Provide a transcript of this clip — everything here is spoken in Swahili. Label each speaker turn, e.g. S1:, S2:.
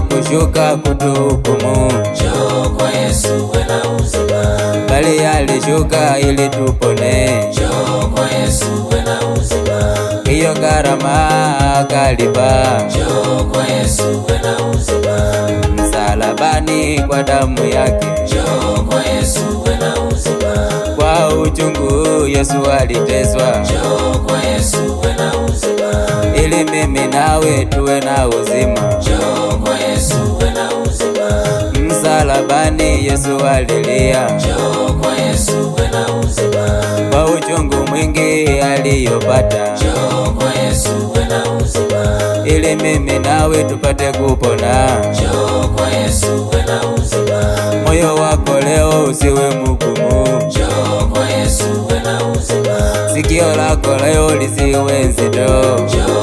S1: kushuka, kutuhukumu.
S2: Njoo kwa Yesu uwe na uzima,
S1: bali alishuka ili tupone.
S2: Njoo kwa Yesu uwe na uzima,
S1: hiyo gharama akalipa.
S2: Njoo kwa Yesu uwe na uzima,
S1: msalabani kwa damu yake.
S2: Njoo kwa Yesu uwe na uzima,
S1: kwa uchungu Yesu aliteswa.
S2: Njoo kwa Yesu
S1: ili mimi nawe tuwe na uzima.
S2: Njoo kwa Yesu uwe na uzima.
S1: Msalabani Yesu alilia.
S2: Njoo kwa Yesu uwe na uzima.
S1: Kwa uchungu mwingi aliyopata.
S2: Njoo kwa Yesu uwe na uzima.
S1: Ili mimi nawe tupate kupona.
S2: Njoo kwa Yesu uwe na uzima.
S1: Moyo wako leo usiwe mgumu.
S2: Njoo kwa Yesu uwe na uzima.
S1: Sikio lako leo lisiwe zito.